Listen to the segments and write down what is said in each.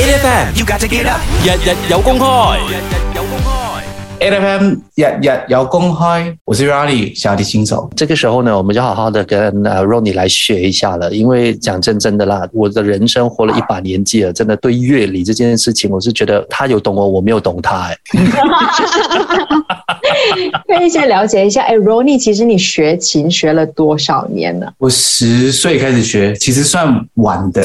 N.F.M. 要 o 只機 o 日日有公開，日日有公開。N.F.M. 日日有公開，我是 Rohnie，想啲清楚。這個時候呢，我們就好好的跟 Rohnie 來學一下了。因為講真真的啦，我的人生活了一把年紀了，真的對樂理這件事情，我是覺得他有懂我，我沒有懂他、欸。哎，可以先了解一下。哎，Rohnie，其實你學琴學了多少年了？我十歲開始學，其實算晚的。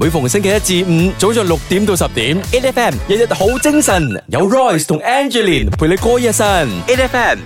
每逢星期一至五，早上六點到十點，E F M 日日好精神，有 Royce 同 Angelin 陪你過一生。E F M。